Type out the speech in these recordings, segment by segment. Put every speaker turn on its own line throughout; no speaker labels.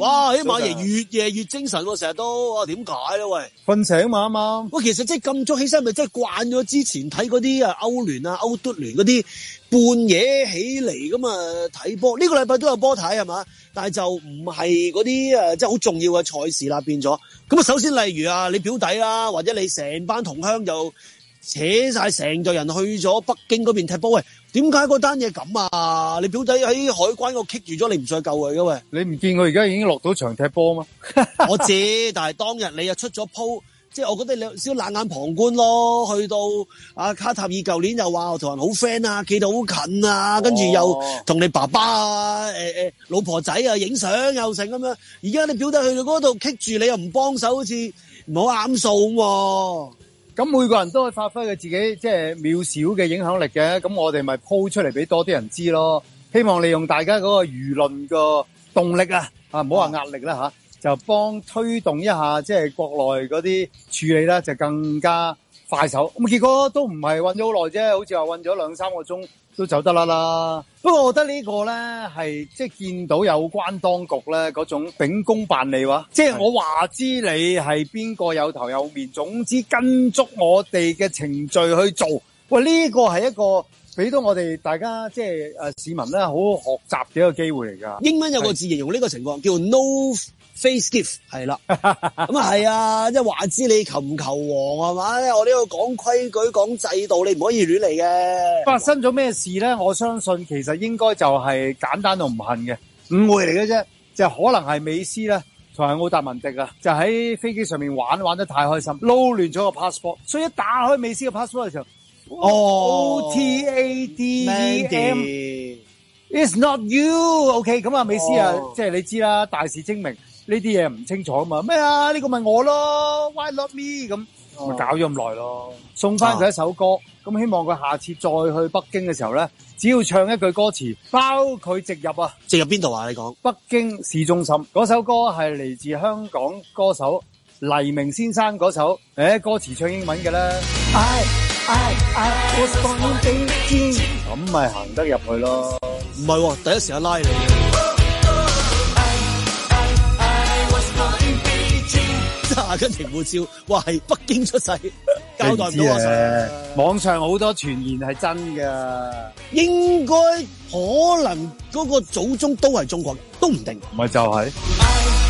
哇！起馬爺越夜越精神喎，成日都哇點解咧？喂、啊，瞓醒嘛啊嘛！喂，其實即係咁早起身，咪即係慣咗之前睇嗰啲啊歐聯啊歐國聯嗰啲半夜起嚟咁啊睇波。呢個禮拜都有波睇係嘛？但係就唔係嗰啲啊，即係好重要嘅賽事啦變咗。咁啊，首先例如啊，你表弟啊，或者你成班同鄉就扯晒成個人去咗北京嗰邊踢波。喂點解嗰單嘢咁啊？你表弟喺海關度棘住咗，你唔再救佢噶喂？你唔見佢而家已經落到
場踢波嗎？
我知，但係當日你又出咗 po 即係我覺得你少冷眼旁觀咯。去到阿、啊、卡塔爾舊年又話我同人好 friend 啊，企到好近啊，哦、跟住又同你爸爸啊、誒、欸、誒、欸、老婆仔啊影相又成咁樣。而家你表弟去到嗰度棘住你又唔幫手，好似唔好啱數喎。
咁每個人都可以發揮佢自己即係渺小嘅影響力嘅，咁我哋咪鋪出嚟俾多啲人知咯。希望利用大家嗰個輿論個動力啊，啊唔好話壓力啦吓、啊，就幫推動一下即係國內嗰啲處理啦，就更加快手。咁結果都唔係運咗好耐啫，好似話運咗兩三個鐘。都走得啦啦，不過我覺得個呢個咧係即係見到有關當局咧嗰種秉公辦理話，即係我話知你係邊個有頭有面，總之跟足我哋嘅程序，去做，喂呢、呢個係一個俾到我哋大家即
係誒、啊、市民咧好學習嘅一個機會嚟㗎。英文有個字形容呢個情況叫 no。face gift 係啦了，咁啊係啊，即係話知你擒球王係嘛？我呢度講規矩講制度，你唔可以亂嚟嘅。發生咗咩事咧？我相
信其實應該就係簡單到唔恨嘅誤會嚟嘅啫，就可能係美斯咧同係奧達文迪啊，就喺飛機上面玩玩得太開心，撈亂咗個 passport，所以一打開美斯嘅 passport 嘅時候、哦 oh,，O T A D M，It's Mandy. not you，OK？、Okay, 咁啊，美斯啊，即係、oh. 你知啦，大事精明。呢啲嘢唔清楚嘛，啊嘛咩啊呢個咪我咯 Why love me 咁咪、啊、搞咗咁耐咯，送翻佢一首歌咁、啊、希望佢下次再去北京嘅時候咧，只要唱一句歌詞包佢直入啊。直入邊度啊？你講北京市中心嗰首歌係嚟自香港歌手黎明先生嗰首誒、哎、歌詞唱英文嘅啦 I I I was born in Beijing，咁咪行得入
去咯，唔係第一時間拉你。阿根廷護照話係北京出世， 交代唔到啊！網上好多傳言係真㗎，應該可能嗰個祖宗都係中國，都唔定。
唔係就係、是。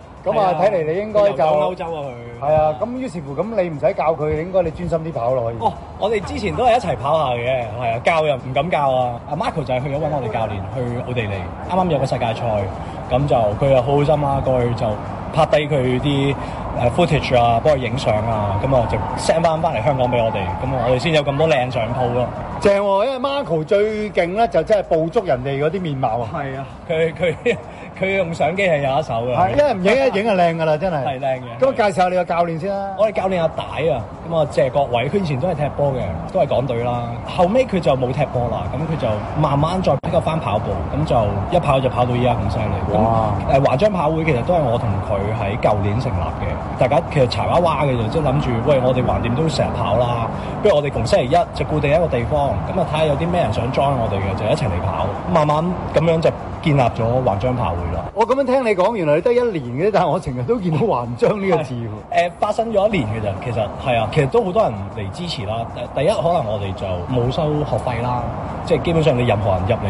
咁啊，睇嚟你應該就歐洲啊佢，係啊，咁於是乎咁你唔使教佢，應該你專心啲跑落去。
哦，我哋之前都係一齊跑下嘅，係啊，教又唔敢教啊。阿 Marco 就係去咗揾我哋教練去奧地利，啱啱有個世界賽，咁就佢又好心啊，過去就拍低佢啲誒 footage 啊，幫佢影相啊，咁啊就 send 翻翻嚟香港俾我哋，咁我哋先有咁
多靚相鋪咯。正，因為 Marco 最勁咧，就真係捕捉人哋嗰啲面貌啊。係啊，
佢佢。佢用相機係有一手嘅，
係因為唔影一影係靚噶啦，真係係靚嘅。咁啊，我介紹下你個教練先啦。我哋教練阿大啊，
咁啊謝國偉，佢以前都係踢波嘅，都係港隊啦。後尾佢就冇踢波啦，咁佢就慢慢再比較翻跑步，咁就一跑就跑到依家咁犀利。哇！誒華章跑會其實都係我同佢喺舊年成立嘅，大家其實柴娃娃嘅就即係諗住，喂我哋橫掂都成日跑啦，不如我哋逢星期一就固定一個地方，咁啊睇下有啲咩人想 join 我哋嘅就一齊嚟跑，慢慢咁樣就。建立咗環章跑會啦！
我咁樣聽你講，原來你得一年嘅，但係我成日都見到環章呢個字喎。誒、 呃，發生咗一年嘅咋，其實
係啊，其實都好多人嚟支持啦。第一，可能我哋就冇收學費啦，即係 基本上你任何人入嚟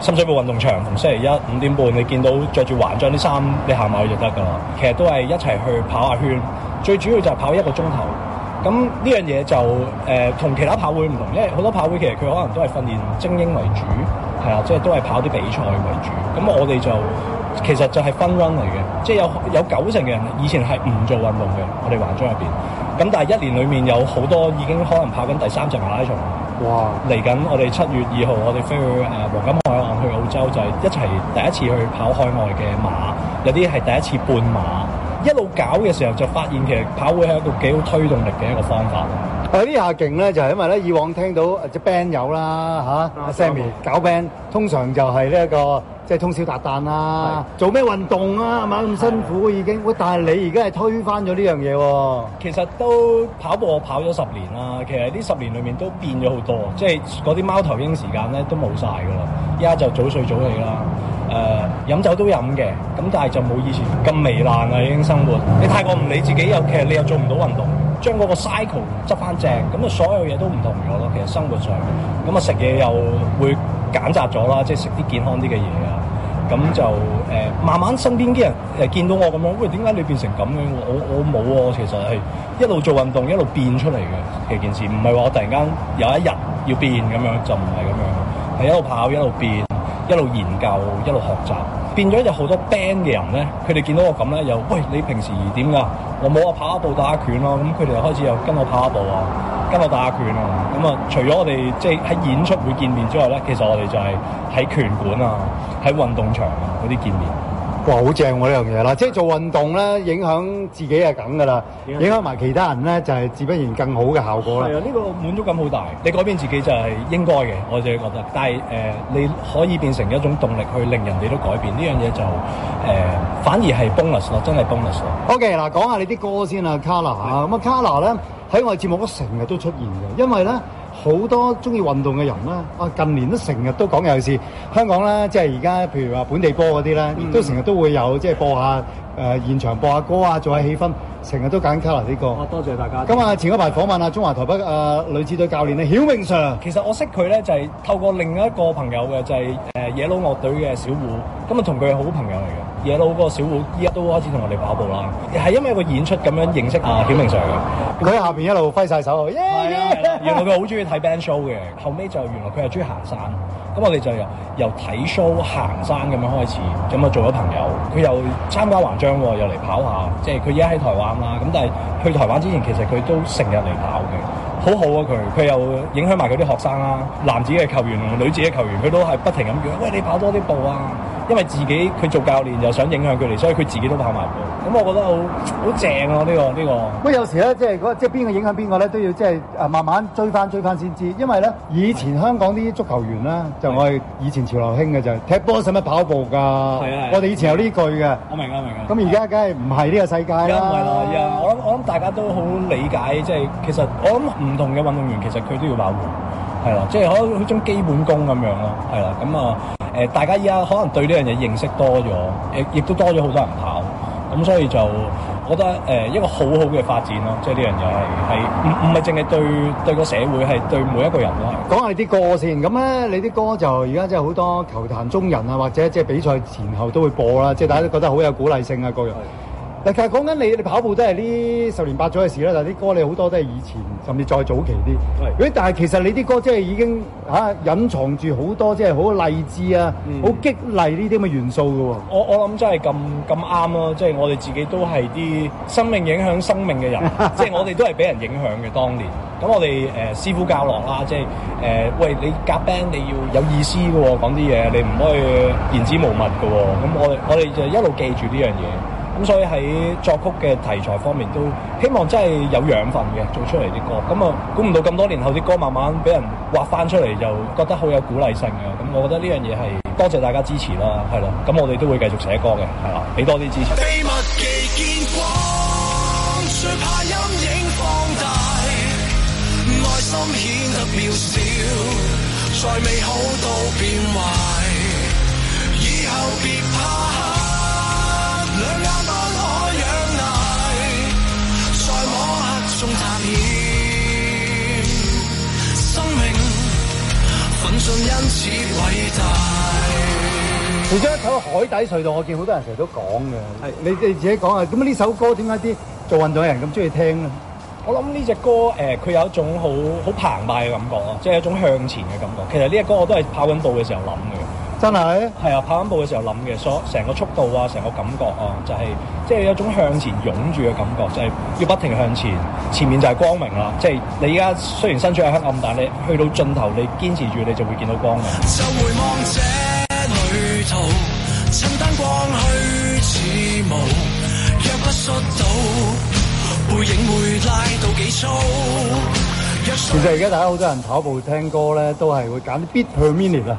深水埗運動場同星期一五點半，你見到着住環章啲衫，你行埋去就得㗎啦。其實都係一齊去跑下圈，最主要就係跑一個鐘頭。咁呢樣嘢就誒同、呃、其他跑會唔同，因為好多跑會其實佢可能都係訓練精英為主，係啊，即係都係跑啲比賽為主。咁我哋就其實就係 fun run 嚟嘅，即係有有九成嘅人以前係唔做運動嘅，我哋環中入邊。咁但係一年裡面有好多已經可能跑緊第三隻馬拉松。哇！嚟緊我哋七月二號，我哋飛去誒、呃、黃金海岸去澳洲，就係、是、一齊第一次去跑海外嘅馬，有啲係第一次半馬。一路搞嘅時候就發現，其實跑會係一個幾好推動力嘅一個方
法。
啊，呢下勁咧就係、是、因為咧，以往聽到啊隻 band 友啦嚇，阿、啊、Sammy 搞 band 通常就係呢一個即係、就是、通宵達旦啦、啊，是做咩運動啊，係咪咁辛苦已、啊、經？哇的！但係你而家係推翻咗呢樣嘢喎。其實都跑步我
跑咗十年啦，其實呢十年裏面都變咗好多，即係嗰啲貓頭鷹時間咧都冇晒㗎啦，依家就早睡早起啦。誒飲、呃、酒都飲嘅，咁但係就冇以前咁糜爛啦，已經生活。你太過唔理自己，又其實你又做唔到運動，將嗰個 cycle 執翻正，咁啊所有嘢都唔同咗咯。其實生活上，咁啊食嘢又會揀擇咗啦，即係食啲健康啲嘅嘢啊。咁就誒、呃、慢慢身邊啲人誒見到我咁樣，喂點解你變成咁樣？我我冇啊，其實係一路做運動一路變出嚟嘅其實件事，唔係話我突然間有一日要變咁樣就唔係咁樣，係一路跑一路變。一路研究，一路學習，變咗有好多 band 嘅人咧，佢哋見到我咁咧，又喂你平時點㗎？我冇啊，跑下步打下拳咯。咁佢哋又開始又跟我跑下步啊，跟我打下拳啊。咁啊，除咗我哋即係喺演出會見面之外咧，其實我哋就係喺拳館啊，喺運動場啊嗰啲見面。
哇，好正喎呢樣嘢啦！即係做運動咧，影響自己係咁噶啦，影響埋其他人咧，就係、是、自不然更好嘅效果啦。係啊，呢、這個滿足感好大。
你改變自己就係應該嘅，我自己覺得。但係誒、呃，你可以變成一種動力去令人哋都改變，呢樣嘢就誒、呃、反而係 bonus 咯，真係 bonus
咯。OK，嗱，講下你啲歌先啦，Carla 啊，咁啊，Carla 咧喺我哋節目成日都出現嘅，因為咧。好多中意運動嘅人啦，啊近年都成日都講有事。香港咧，即係而家譬如話本地波嗰啲咧，都成日都會有即係播下誒現場播下歌啊，做下氣氛，成日都揀卡拉呢個。啊，多謝大家。咁啊，前嗰排訪問啊，中華台北啊女子隊教練啊，曉明 Sir。其實我識佢咧，就係透過另一個朋
友嘅，就係誒野佬樂隊嘅小虎。咁啊，同佢係好朋友嚟嘅。野佬個小虎依家都開始同我哋跑步啦，係因為個演出咁樣認識啊曉明 Sir 嘅，佢喺下邊一路揮晒手，原來佢好中意睇 band show 嘅，後尾就原來佢係中意行山，咁我哋就由由睇 show 行山咁樣開始，咁啊做咗朋友。佢又參加橫張喎，又嚟跑下，即係佢依家喺台灣啦。咁但係去台灣之前，其實佢都成日嚟跑嘅，好好啊佢。佢又影響埋佢啲學生啦，男子嘅球員同女子嘅球員，佢都係不停咁叫，喂，你跑多啲步啊！因為自己佢做教練就想影響佢哋，所以佢自己都跑埋
步。咁我覺得好好正啊，呢個呢
個。
咁有時咧，即係嗰即係邊個影響邊個咧，都要即係誒慢慢追番追番先知。因為咧，以前香港啲足球員啦，就我哋以前潮流興嘅就踢波使乜跑步㗎？係啊！我哋以前有呢句嘅。我明啊，
明
啊。咁而家梗係唔係呢個世界啦？唔係咯，依家我諗我諗
大家都好理解，即係其實我諗唔同嘅運動員其實佢都要跑步，係啦，即係好似一種
基本功咁
樣咯，係啦，咁啊。誒，大家依家可能對呢樣嘢認識多咗，誒，亦都多咗好多人跑，咁所以就我覺得誒、呃，一個好好嘅發展咯，即係呢樣嘢係，唔唔係淨係對對個社會係對每一個人咯。
講下你啲歌先，咁咧你啲歌就而家真係好多球壇中人啊，或者即係比賽前後都會播啦，即係大家都覺得好有鼓勵性啊，嗰樣。其實講緊你，你跑步都係呢十年八載嘅事啦。但係啲歌你好多都係以前，甚至再早期啲。誒是，但係其實你啲歌即係已經吓、啊、隱藏住好多即係好勵志啊、好、嗯、激勵呢啲咁嘅元素㗎喎、啊。
我、啊就是、我諗真係咁咁啱咯，即係我哋自己都係啲生命影響生命嘅人，即係 我哋都係俾人影響嘅。當年咁我哋誒、呃、師傅教落啦、啊，即係誒，喂、呃、你夾 band 你要有意思㗎喎、哦，講啲嘢你唔可以言之無物㗎喎、哦。咁我我哋就一路記住呢樣嘢。咁所以喺作曲嘅題材方面都希望真係有養分嘅做出嚟啲歌。咁啊估唔到咁多年後啲歌慢慢俾人挖翻出嚟，就覺得好有鼓勵性嘅。咁、嗯、我覺得呢樣嘢係多謝大家支持啦，係咯。咁我哋都會繼續寫歌嘅，係啦，俾多啲支持。
秘密見光最怕怕，陰影放大，內心顯得渺小，再美好到變壞以後別怕
其中一首《海底隧道》，我見好多人成日都講嘅。係你哋自己講啊？咁呢首歌點解啲做運動嘅人咁中意聽咧？我諗呢隻歌
誒，佢、呃、有一種好好澎湃嘅感覺啊，即、就、係、是、一種向前嘅感覺。其實呢隻歌我都係跑緊步嘅時候諗嘅。真係係啊！跑緊步嘅時候諗嘅，所成個速度啊，成個感覺啊，就係即係有種向前湧住嘅感覺，就係、是、要不停向前，前面就係光明啦！即、就、係、是、你而家雖然身處喺黑暗，但你去到盡頭，你堅持住，你就會見到光明。
就回望這旅途，趁燈光去似舞，若不摔倒，背影會拉到幾粗。其實而家
大家好多人跑步聽歌咧，都係會揀啲 beat per minute 啊。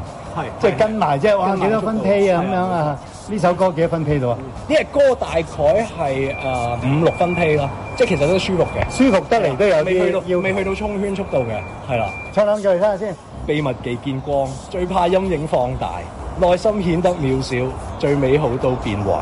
即係跟埋即係話，哇！幾多分批啊？咁、啊、樣啊？呢首歌幾多分批到啊？呢個、嗯、歌大
概係誒五六分批咯，即係其實都舒服嘅，舒服得嚟都有啲，要未去到沖圈速度嘅，
係
啦。
唱兩句嚟聽下先。秘密忌見光，最怕陰影放大，內心顯得渺小，最美好都變壞。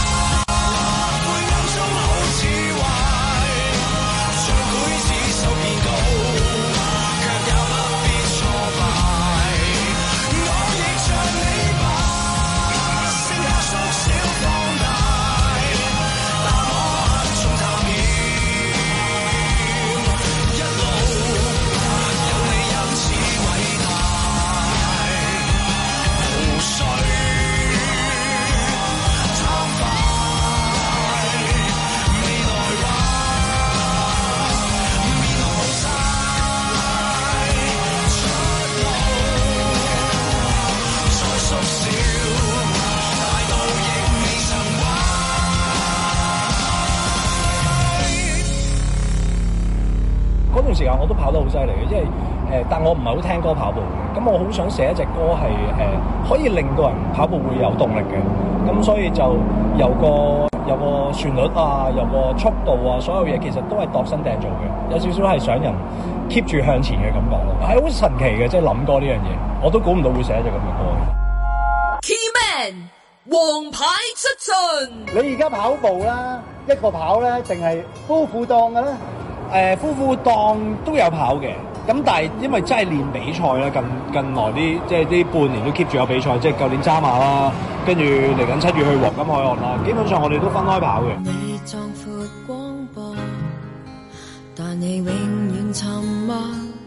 時我都跑得好犀利嘅，因為誒、呃，但我唔係好聽歌跑步嘅。咁我好想寫一隻歌係誒，可以令到人跑步會有動力嘅，咁所以就由個有個旋律啊，有個速度啊，所有嘢其實都係度身訂造嘅，有少少係想人 keep 住向前嘅感覺咯，係好神奇嘅，即係諗過呢樣嘢，我都估唔到會寫一隻咁嘅歌的。
Keyman，皇牌出陣，
你而家跑步啦，一個跑咧，定係夫婦檔嘅咧？誒，夫婦檔都有跑嘅，咁但係因為真係練比賽啦，近近
來啲即係呢半年都 keep 住有比賽，即係舊年渣馬啦，跟住嚟緊七月去黃金海岸啦，基本上我哋都分開跑
嘅。但你永遠沉默，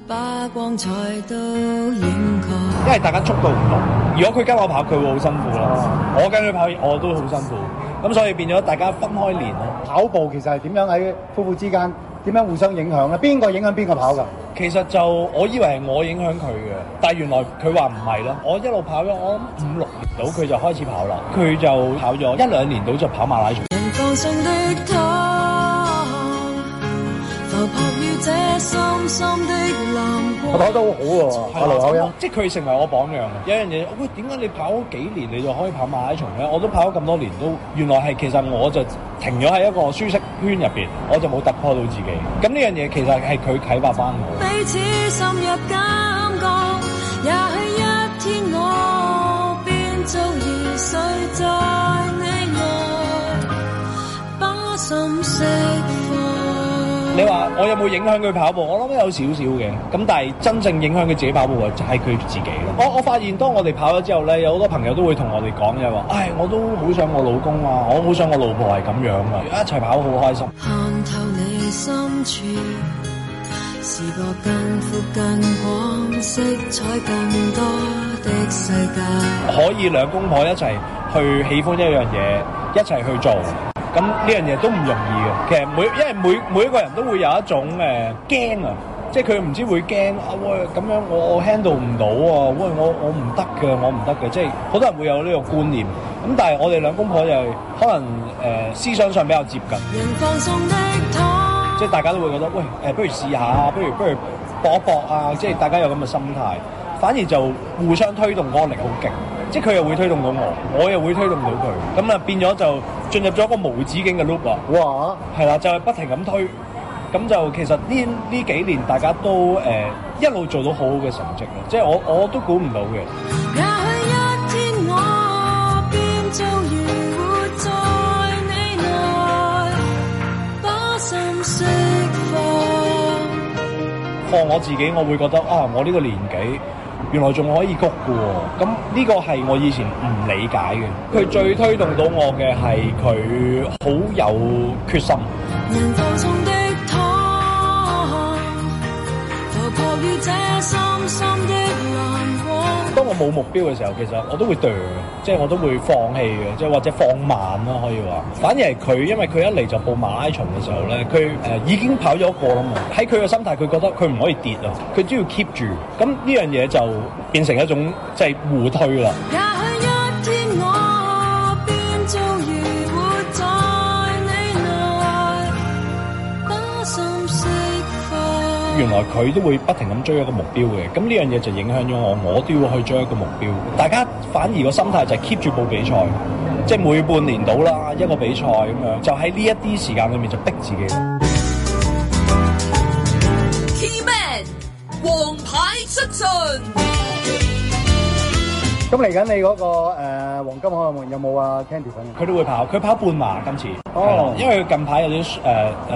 把光彩都掩蓋。
因為大家速度唔同，如果佢跟我跑，佢會好辛苦啦。我跟佢跑，我都好辛苦。
咁所以變咗大家分開練。跑步其實係點樣喺夫婦之間？點樣互相影響咧？邊個影響邊個跑㗎？其實就我以為係我影響佢嘅，但係原來
佢話唔係咯。我一路跑咗我諗五六年到，佢就開始跑啦。佢就跑咗一兩年到就跑馬拉
松。 深深
我跑得好好啊，阿盧友，Hello, 像即係佢成為我榜樣。有樣嘢，喂，點解你跑咗幾年，你就可以跑馬拉松咧？我都跑咗咁多年，都原來係其實我就停咗喺一個舒適圈入邊，我就冇突破到自己。咁呢樣嘢，其實係佢啟發翻我。
彼此深入感覺也許一天我變做水，把你話
我有冇影響佢跑步？我諗有少少嘅，咁但係真正影響佢自己跑步就係佢自己咯。我我發現當我哋跑咗之後咧，有好多朋友都會同我哋講嘅話，唉、哎，我都好想我老公啊，我好想我老婆係咁樣啊，一齊跑好開心。
看透你心處，視角更闊更廣，色彩更多的世界。
可以兩公婆一齊去喜歡一樣嘢，一齊去做。咁呢樣嘢都唔容易嘅，其實每因為每每一個人都會有一種誒驚啊，即係佢唔知會驚啊，喂咁樣我 handle 唔到啊。喂我我唔得嘅，我唔得嘅，即係好多人會有呢個觀念。咁但係我哋兩公婆又係可能誒、呃、思想上比較接近，
即
係大家都會覺得喂誒、呃，不如試下，不如不如搏一搏啊！即係大家有咁嘅心態。反而就互相推動，壓力好勁，即係佢又會推動到我，我又會推動到佢，咁啊變咗就進入咗一個無止境嘅 loop 啊！哇，係啦，就係、是、不停咁推，咁就其實呢呢幾年大家都誒、呃、一路做到好好嘅成績啦，即係我我都估唔到嘅。
也許一天我做完活在你內，
放我自己，我會覺得啊，我呢個年紀。原來仲可以谷嘅、哦，咁、嗯、呢、呢個係我以前唔理解嘅。佢最推動到我嘅係佢好有決心。 當我冇目標嘅時候，其實我都會 drop 即係我都會放棄嘅，即係或者放慢咯，可以話。反而係佢，因為佢一嚟就報馬拉松嘅時候咧，佢誒、呃、已經跑咗個啦嘛。喺佢嘅心態，佢覺得佢唔可以跌啊，佢都要 keep 住。咁呢樣嘢就變成一種即係、就是、互推啦。原來佢都會不停咁追一個目標嘅，咁呢樣嘢就影響咗我，我都要去追一個目標。大家反而個心態就係 keep 住報比賽，嗯、即係每半年到啦一個比賽咁樣，就喺呢一啲時間裏面就逼自己。
Keyman，王牌出陣。
咁嚟緊，你嗰、那個誒、呃、黃金海岸有冇啊 Candy？佢都會
跑，佢跑半馬今次。哦、oh.，因為近排有啲誒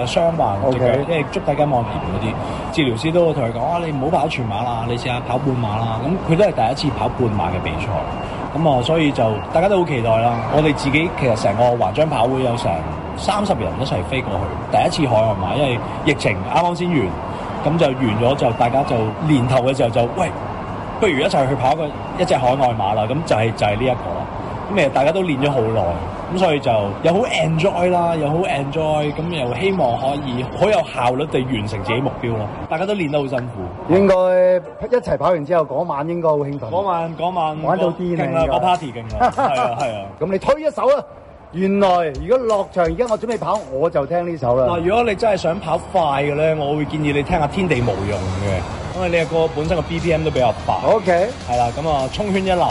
誒傷患，即係捉大家望年嗰啲治療師都會同佢講：哇、啊，你唔好跑全馬啦，你試下跑半馬啦。咁、嗯、佢都係第一次跑半馬嘅比賽。咁啊，所以就大家都好期待啦。我哋自己其實成個環張跑會有成三十人一齊飛過去，第一次海岸馬，因為疫情啱啱先完，咁就完咗就大家就年頭嘅時候就喂。不如一齊去跑一個一隻海外馬啦，咁就係就係呢一個。咁其實大家都練咗好耐，咁所以就又好 enjoy 啦，又好 enjoy，咁又希望可以好有效率地完成自己目標咯。大家都練得好辛苦。
應該一齊跑完之後嗰晚應該好興奮。嗰晚，嗰晚玩到癲啦，個 party 勁啦，係啊係啊。咁你推一手啊！原來如果落場而家我準備跑，我就聽呢首啦。嗱，如果你真係想跑快嘅咧，
我會建議你聽下天地無用嘅，因為呢個歌本身個 BPM 都比較快。O K，係啦，咁啊衝圈一流。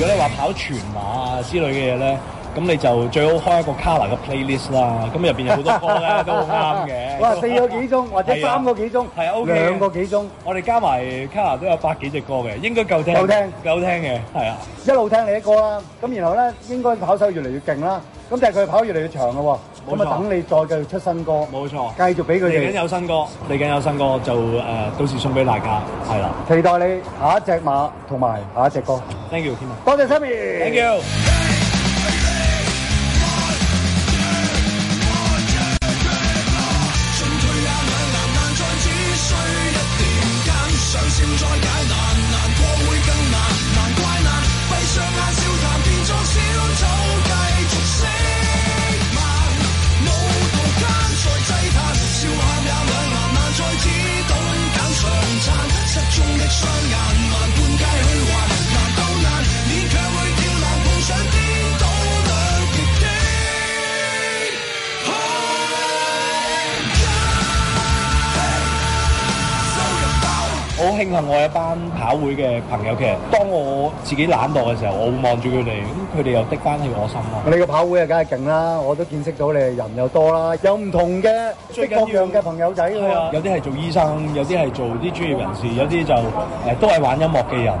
如果你話跑全馬啊之類嘅嘢咧，咁你就最好開一個 Kara 嘅 playlist 啦。咁入邊有好多
歌咧，好都啱嘅。哇，四個幾鐘，或者三個幾鐘，係啊，OK，兩個
幾鐘。我哋加埋 Kara 都有百幾隻歌嘅，應該夠聽，夠聽，夠聽嘅，係
啊。一路聽你嘅歌啦。咁然後咧，應該跑手越嚟越勁啦。咁但係佢跑越嚟越長嘅喎。咁啊，等你再繼續出新歌，冇錯，繼續俾佢哋嚟緊有
新歌，嚟緊有新歌就誒，uh, 到時送俾大家，係啦，
期待你下一隻馬同埋下一隻歌
，thank you，多謝 Sammy，thank you。我一班跑會嘅朋友，其實當我自己懶惰嘅時候，我會望住佢哋，咁佢哋又的翻起我心咯。你
個跑會啊，梗係勁啦！我都見識到你人又多啦，有唔同嘅各樣嘅朋友仔。啊，有啲係做醫生，
有啲係做啲專業人士，有啲就誒都係玩音樂嘅人，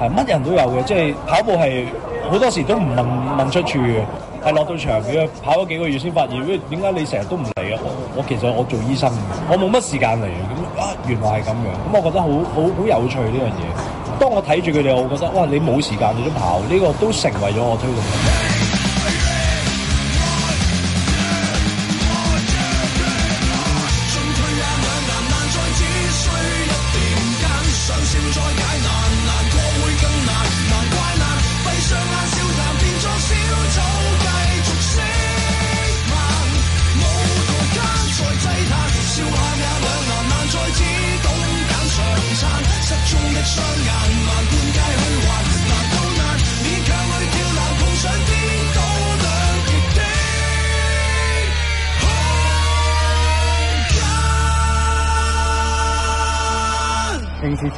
係乜人都有嘅。即係跑步係好多時都唔問問出處嘅，係落到場嘅跑咗幾個月先發現，咩點解你成日都唔嚟啊？我其實我做醫生，我冇乜時間嚟啊。啊，原來係咁樣，咁我覺得好好好有趣呢樣嘢。當我睇住佢哋，我覺得哇，你冇時間你都跑，呢個都成為咗我推動。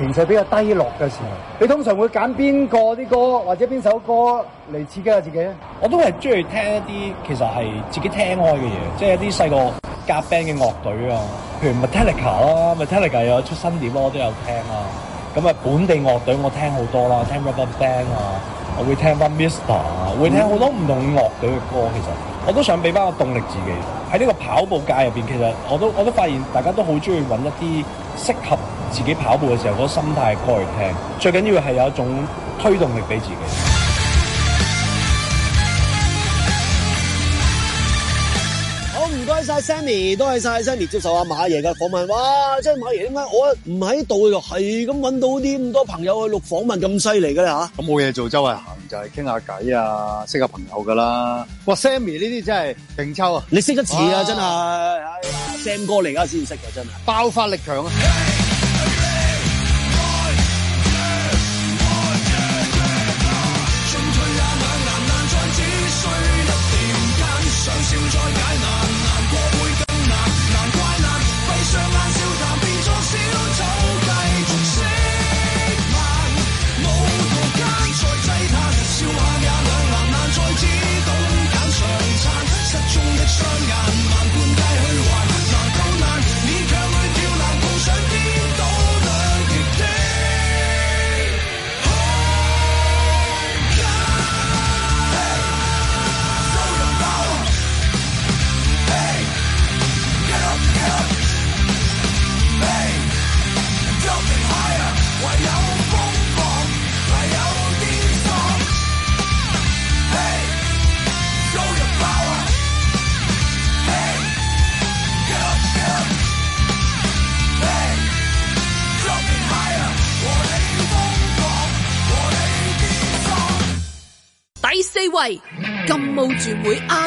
情緒比較低落嘅時候，你通常會揀邊個啲歌或者邊首歌嚟刺激下自己咧？我都係
中意聽一啲其實係自己聽開嘅嘢，即係一啲細個夾 band 嘅樂隊啊，譬如 Metallica 啦、啊、Metallica 有、啊、出新碟咯、啊，我都有聽啊。咁、嗯、啊，本地樂隊我聽好多啦、啊，聽 RubberBand 啊。我會聽翻 Mister 會聽好多唔同樂隊嘅歌。其實我都想俾翻個動力自己。喺呢個跑步界入邊，其實我都我都發現大家都好中意揾一啲適合自己跑步嘅時候嗰個心態嘅歌嚟聽。最緊要係有一種推動力俾自己。
謝晒 Sammy，多謝晒 Sammy 接受阿馬爺嘅訪問。哇！即係馬爺點解我唔喺度係咁揾到啲咁多朋友去錄訪問咁犀利嘅咧吓？
咁冇嘢做，周圍行就係傾下偈啊，識下朋友噶啦。哇！Sammy 呢啲真係勁抽
啊！你識得遲啊，真係哎呀 Sam 哥嚟，而家先識嘅真係，爆發力強啊！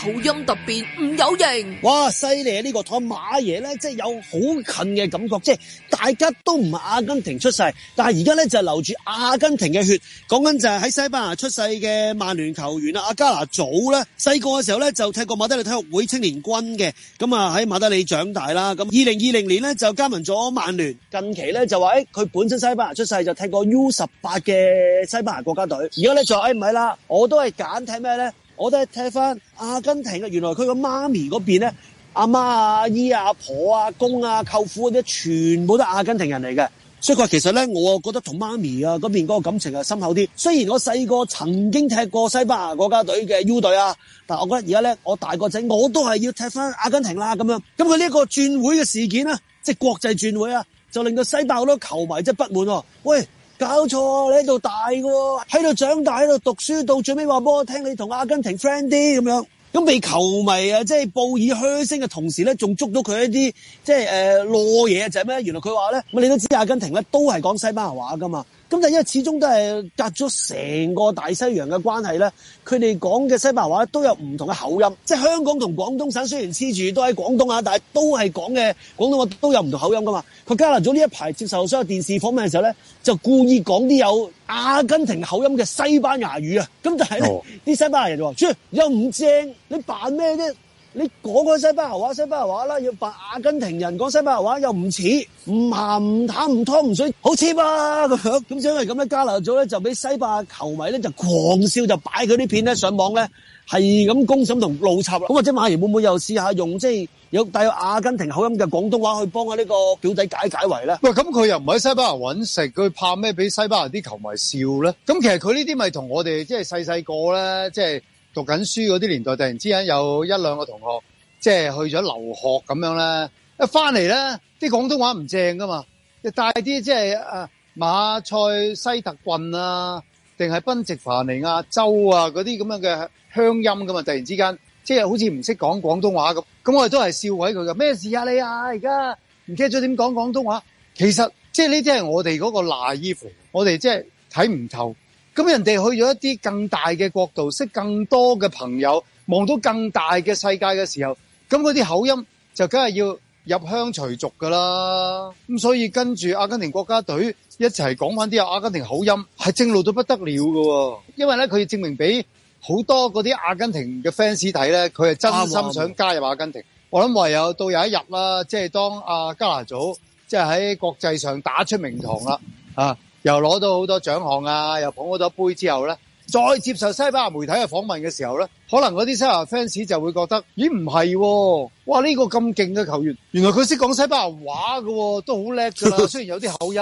口音特別唔有型，哇！犀利、這個、呢個同阿馬爺咧，即係有好近嘅感覺，即係大家都唔係阿根廷出世，但係而家咧就係流住阿根廷嘅血。講緊就係喺西班牙出世嘅曼聯球員啊，阿加拿祖咧細個嘅時候咧就踢過馬德里體育會青年軍嘅，咁啊喺馬德里長大啦。咁二零二零年咧就加盟咗曼聯，近期咧就話誒佢本身西班牙出世就踢過 U 十八嘅西班牙國家隊，而家咧就誒唔係啦，我都係揀踢咩咧？我都係踢翻阿根廷啊！原來佢個媽咪嗰邊咧，阿媽、阿姨、阿婆、阿公啊、舅父啲，全部都係阿根廷人嚟嘅。所以佢其實咧，我覺得同媽咪啊嗰邊嗰個感情係深厚啲。雖然我細個曾經踢過西班牙國家隊嘅 U 隊啊，但係我覺得而家咧，我大個仔我都係要踢翻阿根廷啦咁樣。咁佢呢一個轉會嘅事件咧，即係國際轉會啊，就令到西班牙好多球迷即係不滿喎。喂！搞錯，你喺度大喎，喺度長大，喺度讀書，到最尾話畀我聽你同阿根廷 friend 啲咁樣，咁被球迷啊，即係報以噓聲嘅同時咧，仲捉到佢一啲即係誒攞嘢就係咩？原來佢話咧，咁你都知阿根廷咧都係講西班牙話㗎嘛。咁就因為始終都係隔咗成個大西洋嘅關係咧，佢哋講嘅西班牙話咧都有唔同嘅口音，即係香港同廣東省雖然黐住都喺廣東啊，但係都係講嘅廣東話都有唔同口音噶嘛。佢加拿咗呢一排接受所有電視訪問嘅時候咧，就故意講啲有阿根廷口音嘅西班牙語啊，咁但係咧啲西班牙人就話，誒，又唔正，你扮咩啫？你講個西班牙話，西班牙話啦，要扮阿根廷人講西班牙話又唔似，唔鹹唔淡唔湯唔水，好黐啊咁樣。咁所以咁咧交流咗咧，就俾西班牙球迷咧就狂笑，就擺佢啲片咧上網咧，係咁公審同怒插啦。咁或者馬怡妹妹又試下用即係有帶有阿根廷口音嘅廣東話去幫下呢個表弟解解圍咧。
喂，咁佢又唔喺西班牙揾食，佢怕咩俾西班牙啲球迷笑咧？咁其實佢呢啲咪同我哋即係細細個咧，即係。讀緊書嗰啲年代，突然之間有一兩個同學，即係去咗留學咁樣咧，一翻嚟咧，啲廣東話唔正噶嘛，一帶啲即係誒馬賽西特郡啊，定係賓夕凡尼亞州啊嗰啲咁樣嘅鄉音噶嘛，突然之間即係好似唔識講廣東話咁，咁我哋都係笑鬼佢噶，咩事啊你啊？而家唔記得咗點講廣東話，其實即係呢啲係我哋嗰個爛衣服，我哋即係睇唔透。咁人哋去咗一啲更大嘅國度，識更多嘅朋友，望到更大嘅世界嘅時候，咁嗰啲口音就梗係要入鄉隨俗噶啦。咁所以跟住阿根廷國家隊一齊講翻啲阿根廷口音，係正路到不得了嘅、啊。因為咧，佢要證明俾好多嗰啲阿根廷嘅 fans 睇咧，佢係真心想加入阿根廷。啊、我諗唯有到有一日啦，即係當阿加拿組即係喺國際上打出名堂啦，啊！ 又攞到好多獎項啊！又捧好多杯之後咧，再接受西班牙媒體嘅訪問嘅時候咧，可能嗰啲西班牙 fans 就會覺得：咦，唔係喎，哇！呢、這個咁勁嘅球員，原來佢識講西班牙話嘅喎、哦，都好叻㗎啦。雖然有啲口音，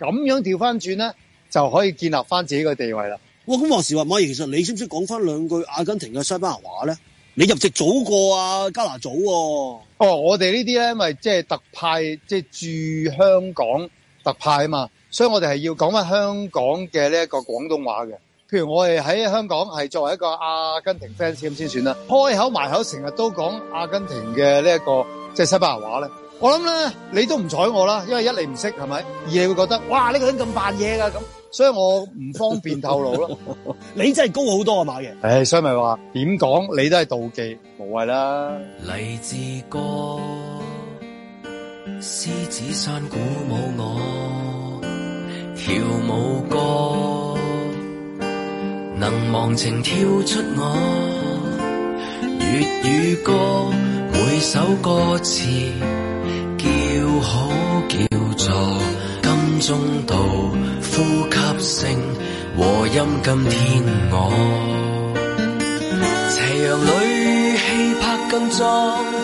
咁 樣調翻轉咧，
就可以建立翻自己嘅地位啦。哇！咁王時話：馬其實你識唔識講翻兩句阿根廷嘅西班牙話咧？你入職早過啊，加拿大早喎、哦。哦，我哋呢啲咧，咪
即係特派即係住香港。特派啊嘛，所以我哋係要講翻香港嘅呢一個廣東話嘅。譬如我哋喺香港係作為一個阿根廷 fans 咁先,先算啦，開口埋口成日都講阿根廷嘅呢一個即係西班牙話咧。我諗咧你都唔睬我啦，因為一嚟唔識係咪，二你會覺得哇呢個人咁扮嘢㗎咁，
所以我唔方便透露咯。你真係高好多啊馬爺，
唉所以咪話點講你都係妒忌，無謂啦。勵志哥。
獅子山鼓舞我跳舞歌，能忘情跳出我粵語歌，每首歌詞叫好叫座。金鐘道呼吸聲和音，今天我斜陽裏氣魄更壯。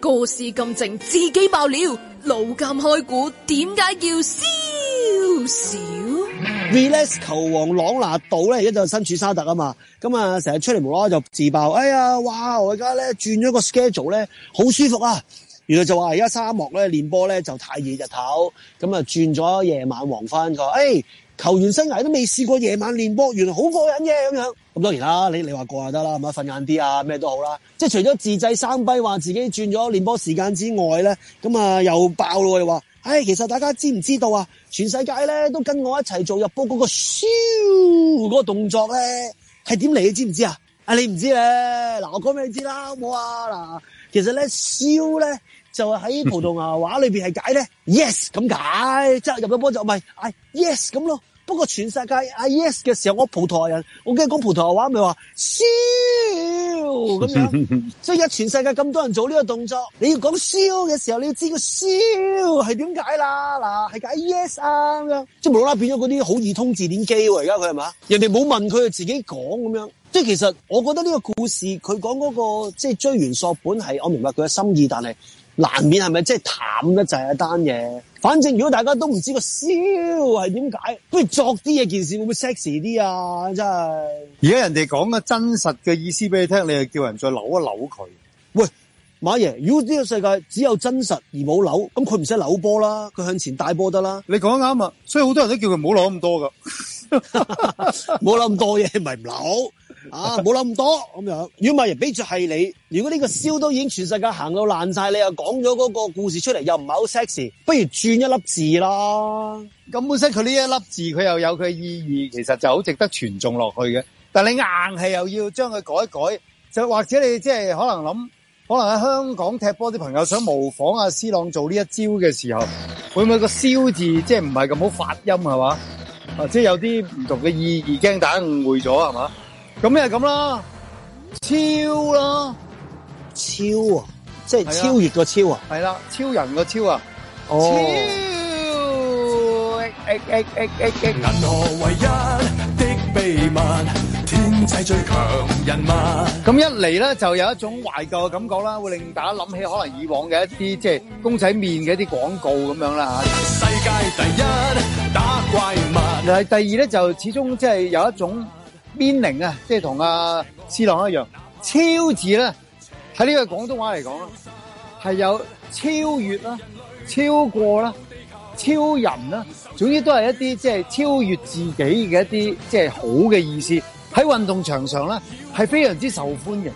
個事咁靜，自己爆料，老劍開估，點解叫消少？
v l x 球王朗拿度咧，而家就身處沙特啊嘛，咁啊成日出嚟無啦啦就自爆，哎呀，哇，我而家咧轉咗個 schedule 咧，好舒服啊！原來就話而家沙漠咧練波咧就太熱日頭，咁啊轉咗夜晚黃昏，佢話誒。哎球員生涯都未試過夜晚練波，原來好過癮嘅咁樣。咁當然啦，你你話過就得啦，咁啊瞓晏啲啊咩都好啦。即係除咗自制三逼話自己轉咗練波時間之外咧，咁啊又爆咯！又話，唉、哎，其實大家知唔知道啊？全世界咧都跟我一齊做入波嗰個燒嗰個動作咧，係點嚟？你知唔知啊？啊你唔知咧，嗱我講俾你知啦，好冇呀嗱，其實咧燒咧就係喺葡萄牙話裏邊係解咧 ，yes 咁解，即係入咗波就咪、哎、yes 咁咯。不過全世界 yes 嘅時候，我葡萄牙人，我跟住講葡萄牙話咪話燒咁樣，即係而家全世界咁多人做呢個動作，你要講燒嘅時候，你要知個燒係點解啦，嗱係解 yes 咁樣，即係無啦啦變咗嗰啲好易通字典機喎，而家佢係咪人哋冇問佢，自己講咁樣，即係其實我覺得呢個故事，佢講嗰個即係追完索本係，我明白佢嘅心意，但係難免係咪即係淡得滯啊單嘢？反正如果大家都唔知個燒係點解，不如作啲嘢件事會唔會 sexy 啲啊？真係而家人哋講嘅真實嘅意思俾你聽，你又叫人再扭一扭佢。喂，馬爺，如果呢個世界只有真實而冇扭，咁佢唔使扭波啦，佢向前帶波得啦。你講得啱啊，所以好多人都叫佢唔好扭咁多噶，冇扭咁多嘢咪唔扭。 啊，冇諗咁多咁樣。如果咪俾住係你，如果呢個燒都已經全世界行到爛晒，你又講咗嗰個故事出嚟，又唔係好 sexy，不如轉一粒字咯。
咁 本身佢呢一粒字，佢又有佢嘅意義，其實就好值得傳頌落去嘅。但你硬係又要將佢改一改，就或者你即係可能諗，可能喺香港踢波啲朋友想模仿阿、啊、斯朗做呢一招嘅時候，會唔會個燒字即係唔係咁好發音係嘛？或者、啊就是、有啲唔同嘅意義，驚大家誤會咗係嘛？咁咪係咁啦，超啦，超啊，即係超越個超啊，係啦，超人個超啊，
超。銀河唯一的秘密，天際最強人物。
咁一嚟咧，就有一種懷舊嘅感覺啦，會令大家諗起可能以往嘅一啲即係公仔麵嘅一啲廣告咁樣啦吓。世界第一打怪物。但係第二咧，就始終即係有一種。邊寧啊，即係同阿師朗一樣，超字咧喺呢個廣東話嚟講咧，係有超越啦、超過啦、超人啦，總之都係一啲即係超越自己嘅一啲即係好嘅意思。喺運動場上咧，係非常之受歡迎。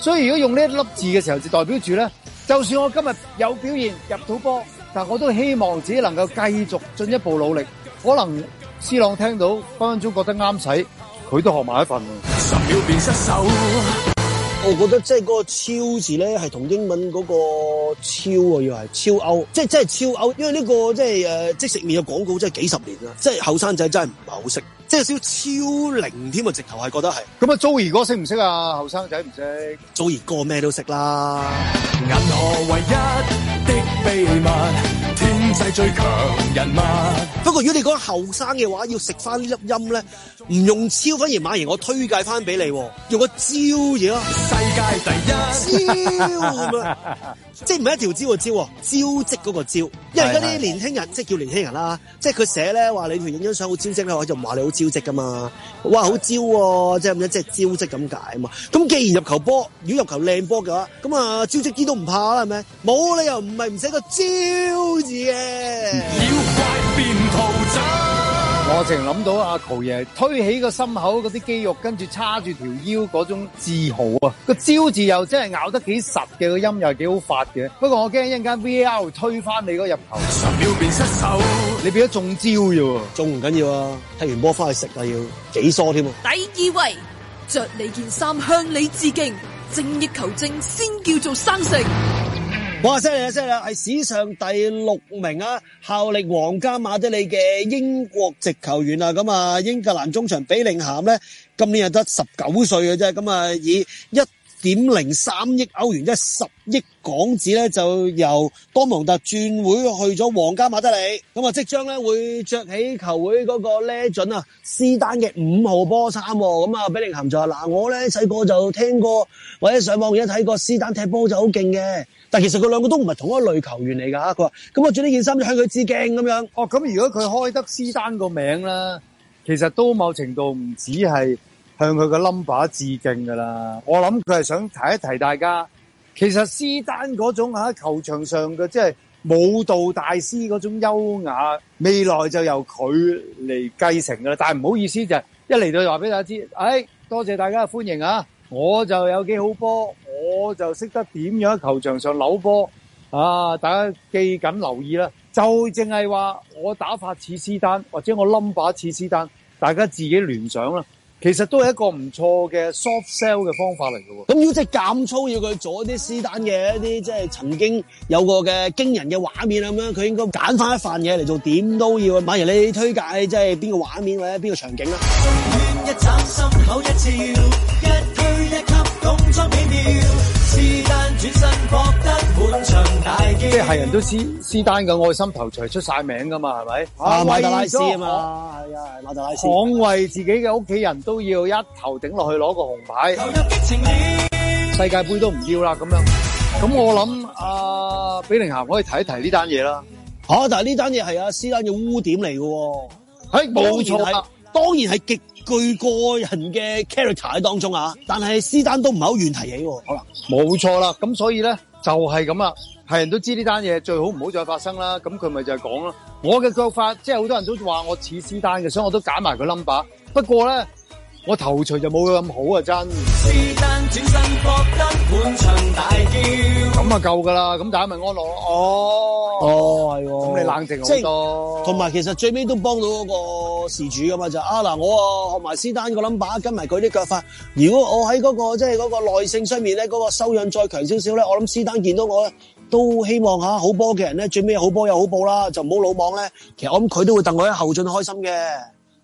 所以如果用呢一粒字嘅時候，就代表住咧，就算我今日有表現入到波，但我都希望自己能夠繼續進一步努力。可能師朗聽到分分鐘覺得啱使。佢都學埋一份。
十秒變失手，我覺得即係嗰個超字咧，係同英文嗰、那個超啊，要係超歐，即係即係超歐，因為呢、這個即係誒即，即食麵嘅廣告，真係幾十年，年，懂懂、啊、年啦，即係後生仔真係唔係好識，即係少超靈添啊！直頭係覺得係。
咁啊，祖兒哥識唔識啊？後生仔唔識。祖兒哥咩都識啦。銀河唯一的秘密。世最強人物。
不過如果你講後生嘅話，要食翻呢粒音咧，唔用超反而買完，而我推介翻俾你，用個招嘢啊，世界第一招。啊焦！ 即係唔係一條招招招積嗰個招，因為嗰啲年輕人是是即係叫年輕人啦，即係佢寫咧話你條影張相好招積咧，我就唔話你好招積噶嘛，哇好招即係咁樣，即係招積咁解啊嘛。咁既然入球波，如果入球靚波嘅話，咁啊招積啲都唔怕啦，係咪？冇理由唔係唔寫個招字嘅。妖怪
我淨諗到阿球爺推起個心口嗰啲肌肉，跟住叉住條腰嗰種自豪啊！個招字又真係咬得幾實嘅，個音又係幾
好發嘅。
不過我驚一陣間 VR 推翻你嗰入球，十
秒變失手，你變咗中招嘅喎，啊，中唔緊要緊啊！踢完波翻去食啊，要幾疏添？
第二位，着你件衫向你致敬，正亦求正，先叫做生性。
哇！犀利啊，犀利！係史上第六名啊，效力皇家馬德里嘅英國籍球員啊。咁啊，英格蘭中場比寧咸咧，今年又得十九歲嘅啫。咁啊，以一點零三億歐元，即係十億港紙咧，就由多蒙特轉會去咗皇家馬德里。咁啊，即將咧會着起球會嗰個呢准啊，斯丹嘅五號波衫。咁啊，比寧咸就話：嗱，我咧細個就聽過，或者上網一睇過，斯丹踢波就好勁嘅。但其實佢兩個都唔係同一類球員嚟㗎，佢話：咁、嗯、我著呢件衫向佢致敬咁樣。哦，咁、嗯、如果佢開得斯丹個名啦，其實都某程度唔止係向
佢個冧把致敬㗎啦。我諗佢係想提一提大家，其實斯丹嗰種喺、啊、球場上嘅即係舞蹈大師嗰種優雅，未來就由佢嚟繼承㗎啦。但係唔好意思，就係一嚟到就話俾大家知，哎，多謝大家嘅歡迎啊！我就有幾好波，我就識得點樣喺球場上扭波啊！大家記緊留意啦，就淨係話我打法似斯丹，或者我冧把似斯丹，大家自己聯想啦。其實都係一個唔錯嘅 soft sell 嘅方法嚟嘅喎。
咁如果即係減粗，要佢做啲斯丹嘅一啲，即係曾經有過嘅驚人嘅畫面咁樣，佢應該揀翻一份嘢嚟做，點都要。不如你推介即係邊個畫面或者邊個場景啦？嗯
嗯 施丹轉身博得滿場大驚，即係
人都施施丹嘅愛心頭槌出晒名噶嘛，係咪啊？馬特拉斯啊嘛，係啊，啊，啊，馬特
拉斯。捍
衛自己嘅屋企人都要一頭頂落去攞個紅牌，激情、嗯、世界杯都唔要啦咁樣。
咁、嗯、我諗阿、啊、
比寧咸可以提一提呢單嘢啦。
吓、啊，但係呢單嘢係阿施丹嘅污點嚟嘅。係、哎，冇錯當然係極具個人嘅 character 喺當中啊，但係斯丹都唔係好願提起啊，可能冇錯啦。咁所以呢，就
係咁啊，係人都知呢單嘢最好唔好再發生啦。咁佢咪就係講咯。我嘅腳法即係好多人都話我似斯丹嘅，所以我都揀埋個 number。不過呢。我頭錘就冇佢咁好啊！真，斯丹
轉身搏得滿場大叫咁啊
夠噶啦！咁大家問安樂哦哦，係、哦、咁、哦、你冷靜好即多，同埋其實最尾都幫到嗰個事主噶嘛就是、啊嗱，我啊，學埋斯丹個諗法，跟埋佢啲腳法。如果我喺嗰、那個即係嗰個耐性上面咧，嗰、那個修養再強少少咧，我諗斯丹見到我咧都希望吓、啊、好波嘅人咧，最尾好波又好報啦，就唔好魯莽咧。其實我諗佢都會戥我喺後進開心嘅。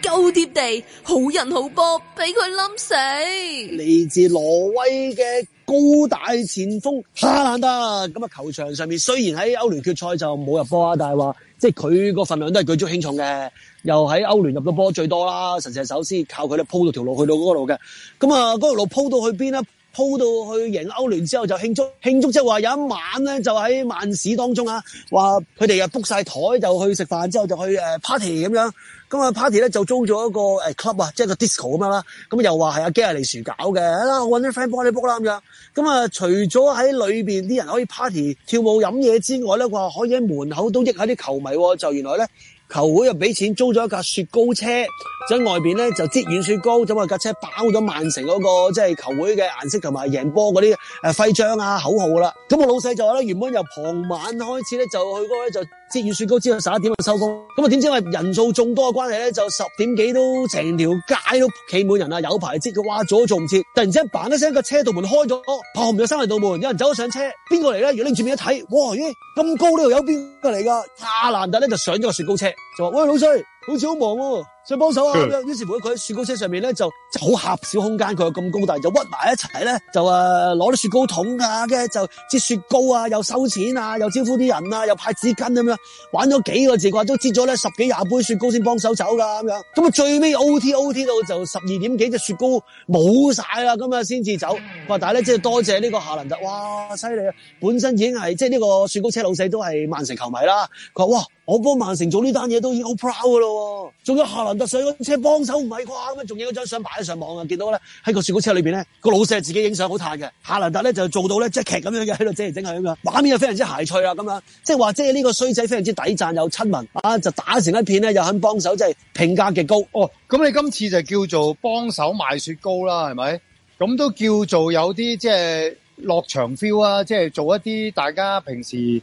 夠貼地，好人好波，俾佢冧死。
嚟自挪威嘅高大前鋒哈蘭德，咁啊得球場上面雖然喺歐聯決賽就冇入波啊，但係話即係佢個份量都係舉足輕重嘅，又喺歐聯入到波最多啦，神射首先靠佢咧鋪到條路去到嗰個路嘅。咁、嗯、啊，嗰條路鋪到去邊咧？鋪到去贏歐聯之後就慶祝慶祝，即係話有一晚咧就喺曼市當中啊，話佢哋又 book 晒台就去食飯，之後就去誒 party 咁樣。咁啊，party 咧，就租咗一個誒 club 啊，即係個 disco 咁樣啦。咁又話係阿杰尼士搞嘅，啦我搵啲 friend 幫你 book 啦咁樣。咁啊，除咗喺裏邊啲人可以 party 跳舞飲嘢之外咧，話可以喺門口都益下啲球迷喔。就原來咧，球會又俾錢租咗一架雪糕車，喺外邊咧就唧軟雪糕。咁啊架車包咗曼城嗰個即係球會嘅顏色同埋贏波嗰啲誒徽章啊、口號啦。咁我老細就話咧，原本由傍晚開始咧就去嗰個就。接完雪糕之後十一點就收工，咁啊點知因為人數眾多嘅關係呢就十點幾都成條街都企滿人啦，有排接佢，哇做都做唔切，突然之間嘭一聲個車道門開咗，拍紅咗三圍道門，有人走咗上車，邊個嚟咧？如果你轉面一睇，哇咦咁高這人來，啊、呢度有邊個嚟噶？亞蘭達咧就上咗個雪糕車，就話喂，老師。好似好忙喎、啊，想幫手啊咁樣。嗯、於是乎佢喺雪糕車上面咧，就即係好狹小空間，佢又咁高大，就屈埋一齊咧，就誒攞啲雪糕桶啊，跟住就支雪糕啊，又收錢啊，又招呼啲人啊，又派紙巾咁、啊、樣，玩咗幾個字啩，都支咗咧十幾廿杯雪糕先幫手走噶、啊、咁樣。咁啊最尾 O T O T 到就十二點幾隻雪糕冇晒啦，咁啊先至走但呢真謝謝。哇！但係咧即係多謝呢個夏蘭特。哇犀利啊！本身已經係即係呢個雪糕車老細都係曼城球迷啦，佢話哇。我幫曼城做呢單嘢，都已經好 proud 噶咯，仲有夏蘭特上嗰車幫手唔係啩？咁啊，仲影嗰張相擺喺上網啊，見到咧喺個雪糕車裏邊咧個老細自己影相好嘆嘅，夏蘭特咧就做到咧即係劇咁樣嘅喺度整嚟整去咁樣，畫面就非常之諧趣啊咁啦，即係話即係呢個衰仔非常之抵讚有親民啊，就打成一片咧又肯幫手，即係評價極高。哦，咁你今次就叫做幫手賣雪糕啦，係咪？咁都叫
做有啲即係落場 feel 啊，即係做一啲大家平時。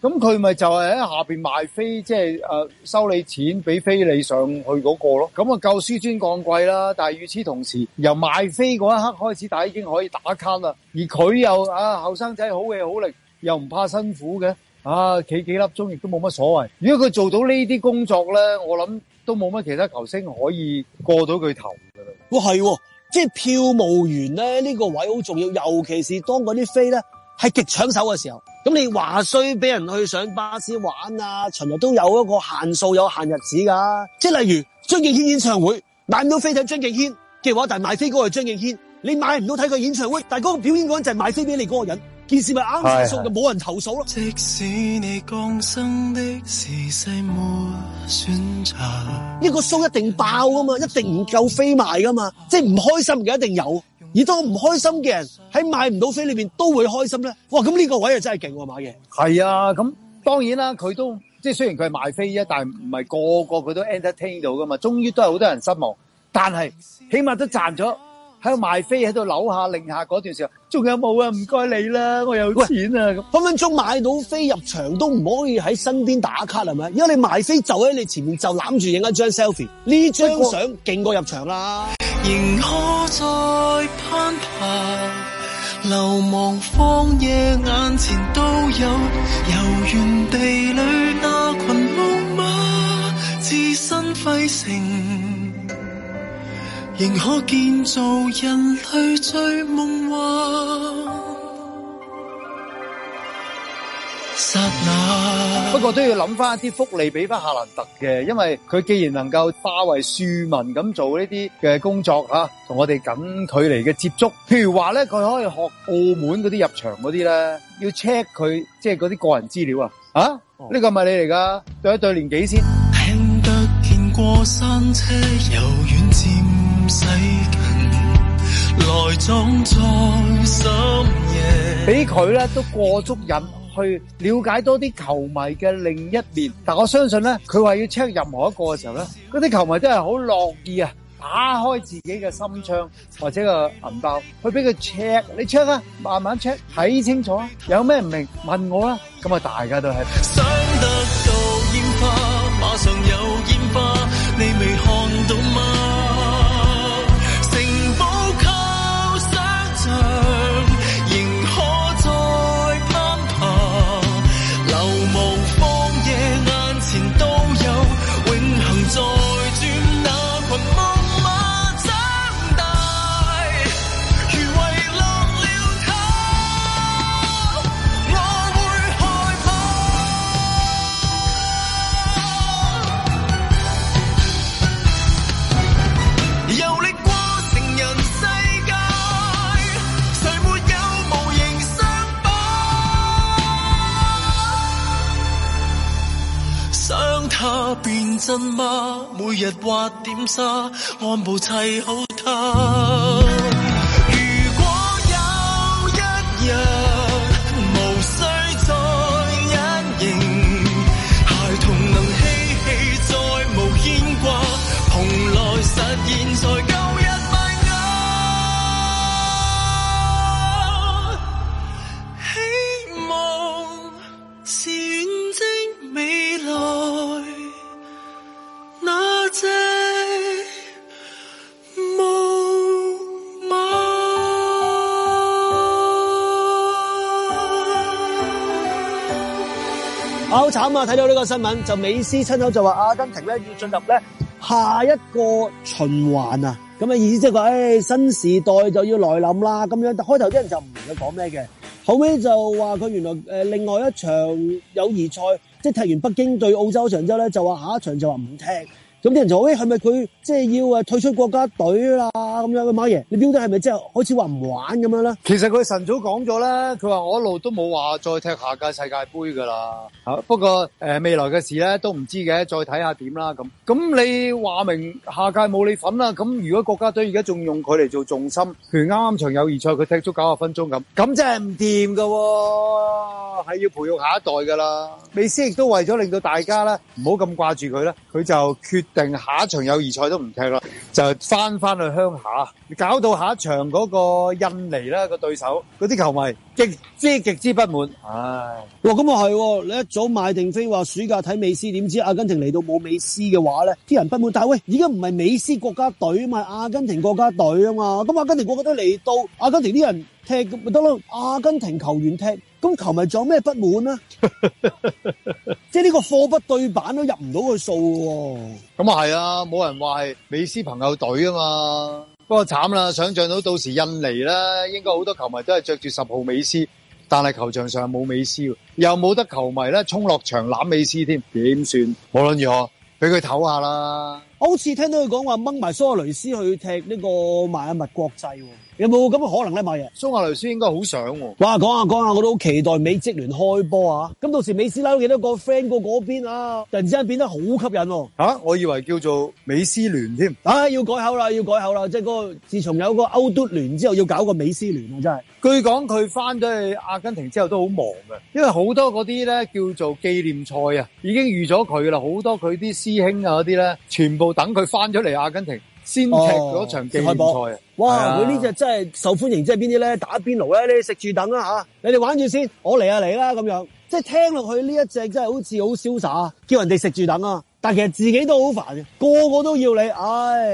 咁佢咪就係喺下邊賣飛，即係誒收你錢，俾飛你上去嗰個咯。咁啊舊書尊降貴啦，但係與此同時，由賣飛嗰一刻開始，大家已經可以打卡啦。而佢又啊後生仔好氣好力，又唔怕辛苦嘅，啊企幾粒鐘亦都冇乜所謂。如果佢做到呢啲工作咧，我諗都
冇乜其他球星可以過到佢頭噶啦。哇係、哦，即係、哦就是、票務員咧呢、呢個位好重要，尤其是當嗰啲飛咧係極搶手嘅時候。咁你話衰俾人去上巴士玩啊？尋日都有一個限數有限日子噶、啊，即係例如張敬軒演唱會買唔到飛，睇張敬軒嘅話，但係買飛嗰個係張敬軒，你買唔到睇佢演唱會，但係嗰個表演嗰人就係買飛俾你嗰個人，件事咪啱晒數，就冇人投訴咯。即使你降生的
時世冇選擇，
一 個數一定爆啊嘛，一定唔夠飛賣噶嘛，即係唔開心嘅一定有。而當唔開心嘅人喺買唔到飛裏邊都會開心咧，哇！咁呢個位又真係勁買嘢，
係啊，咁、啊嗯、當然啦，佢都即係雖然佢係買飛啫，但係唔係個個佢都 entertain 到噶嘛？終於都係好多人失望，但係起碼都賺咗喺賣飛喺度扭
下擰下嗰段時候，仲有冇啊？唔該你啦，我有錢啊！咁分喂樣分鐘買到飛入場都唔可以喺身邊打卡係咪？因為你賣飛就喺你前面就攬住影一張 selfie，呢張相勁過入場啦。
仍可再攀爬，流亡荒野眼前都有，遊園地裏那群木馬，置身廢城，仍可建造人類最夢幻。
不過都要諗翻一啲福利俾翻夏蘭特嘅，因為佢既然能夠化為庶民咁做呢啲嘅工作吓，同、啊、我哋近距離嘅接觸，譬如話咧，佢可以學澳門嗰啲入場嗰啲咧，要 check 佢即係嗰啲個人資料啊。啊，呢、哦、個咪你嚟噶？對一對年紀先。聽得見過
山車由遠漸駛近，來撞在深夜。俾佢
咧都過足癮。去了解多啲球迷嘅另一面，但我相信咧，佢話要 check 任何一個嘅時候咧，嗰啲球迷都係好樂意啊，打開自己嘅心窗或者個銀包去俾佢 check，你 check 啊，慢慢 check，睇清楚啊，有咩唔明問我啦，咁啊
大家都係想得到煙花，馬上有煙花，你未。變真嗎？每日挖點沙，按部砌好它。
好慘啊！睇到呢個新聞，就美斯親口就話：阿根廷咧要進入咧下一個循環啊！咁啊意思即係話，誒、哎、新時代就要來臨啦咁樣。但開頭啲人就唔明佢講咩嘅，後尾就話佢原來誒另外一場友誼賽，即係踢完北京對澳洲嘅場之後咧，就話下一場就話唔踢。咁啲人就話，誒係咪佢即係要誒退出國家隊啊？咁樣，馬爺，你表弟係咪真係開始話唔玩咁樣咧？
其實佢晨早講咗咧，佢話我一路都冇話再踢下屆世界盃㗎啦。嚇，不過誒未來嘅事咧都唔知嘅，再睇下點啦。咁，咁你話明下屆冇你份啦。咁如果國家隊而家仲用佢嚟做重心，譬如啱啱場友誼賽佢踢足九十分鐘咁，咁真係唔掂㗎喎，係要培育下一代㗎啦。美斯亦都為咗令到大家咧唔好咁掛住佢咧，佢就決。定下一場友誼賽都唔踢啦，就翻翻去鄉下，搞到下一場嗰個印尼啦個對手嗰啲球迷極之、極之不滿。唉，
哇，咁啊係你一早買定飛話暑假睇美斯，點知阿根廷嚟到冇美斯嘅話咧，啲人不滿。但係喂，而家唔係美斯國家隊嘛，阿根廷國家隊啊嘛，咁阿根廷國家隊嚟到，阿根廷啲人踢咪得咯，阿根廷球員踢。咁球迷仲有咩不滿咧？ 即係呢個貨不對板都入唔到個數喎。
咁啊係啊，冇人話係美斯朋友隊啊嘛。不過慘啦，想像到到時印尼咧，應該好多球迷都係着住十號美斯，但係球場上冇美斯，又冇得球迷咧衝落場攬美斯添，點算？無論如何，俾佢唞下啦。我
好似聽到佢講話掹埋蘇亞雷斯去踢呢、呢個邁阿密國際喎。有冇咁嘅可能咧？買嘢蘇亞雷斯應該好想喎、啊。哇，講下講下，我都好期待美職聯開波啊！咁到時美斯拉多幾多個 friend 過嗰邊啊？突然之間變得好吸引喎、啊。嚇、啊，我以為叫做美斯聯添、啊啊。要改口啦，要改口啦！即係嗰、那個，自從有個歐盃聯之後，要搞個美斯聯啊！真係。據講佢翻咗去阿根廷之後都好忙嘅，
因為好多嗰啲咧叫做紀念賽啊，已經預咗佢啦。好多佢啲師兄啊嗰啲呢，全部等佢翻出嚟阿根廷。先踢嗰場季後賽啊！哇，佢呢隻
真係受歡迎，即係邊啲咧？打邊爐咧，你食住等啦、啊、吓，你哋玩住先，我嚟，啊嚟啦咁樣。即係聽落去呢一隻真係好似好瀟灑，叫人哋食住等啊，但係其實自己都好煩嘅，個個都要你，唉、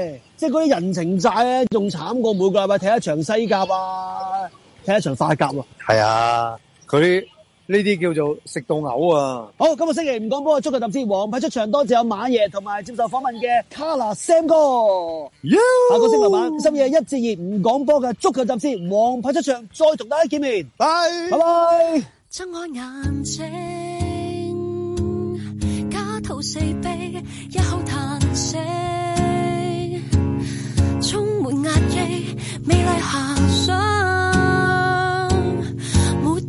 哎，即係嗰啲人情債咧，仲慘過每個禮拜睇一場西甲啊，睇一場法甲啊。
係啊，佢。呢啲叫做食到嘔啊！
好，今個星期唔講波嘅足球雜誌皇牌出場，多謝有馬爺同埋接受訪問嘅卡啦 Sam 哥。Yeah! 下個星期六晚深夜一至二唔講波嘅足球雜誌皇牌出場，再同大家見面。拜拜 Bye! Bye bye!。
睜開眼睛，家徒四壁，一口嘆息，充滿壓抑，美麗遐想。